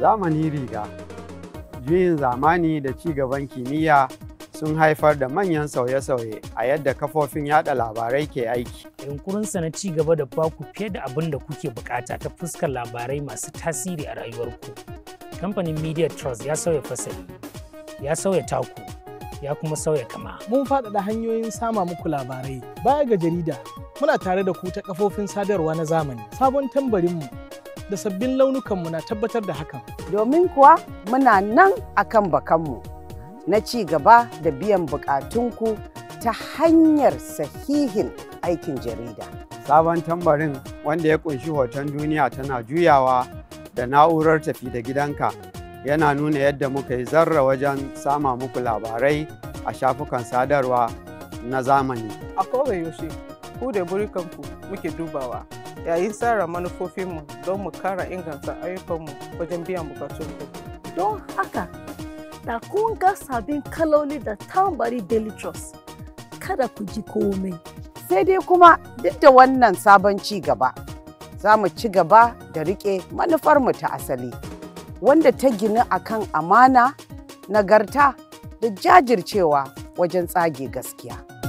zamani riga juyin zamani da ci gaban kimiyya sun haifar da manyan sauye-sauye a yadda kafofin yada labarai ke aiki. A Yunkurinsa na ci gaba da baku fiye da abin da kuke bukata ta fuskar labarai masu tasiri a rayuwarku. Kamfanin Media Trust ya sauya fasali, ya sauya taku, ya kuma sauya kama. Mun faɗaɗa hanyoyin sama muku labarai baya ga jarida muna tare da ku ta kafofin sadarwa na zamani. Sabon tambarinmu da sabbin launukanmu na tabbatar da hakan. Domin kuwa muna nan a kan bakanmu na ci gaba da biyan bukatunku ta hanyar sahihin aikin jarida. Sabon tambarin wanda ya kunshi hoton duniya tana juyawa da na'urar tafi da gidanka yana nuna yadda muka yi zarra wajen sama muku labarai a shafukan sadarwa na zamani. A yaushe ku da burikanku muke dubawa. yayin tsara manufofinmu don mu kara inganta ayyukanmu wajen biyan bukatun don haka da kun ga sabbin kaloli da tambari delitros, kada ku ji komai sai dai kuma duk da wannan sabon ci gaba za mu ci gaba da riƙe manufarmu ta asali wanda ta gini akan amana nagarta da jajircewa wajen tsage gaskiya.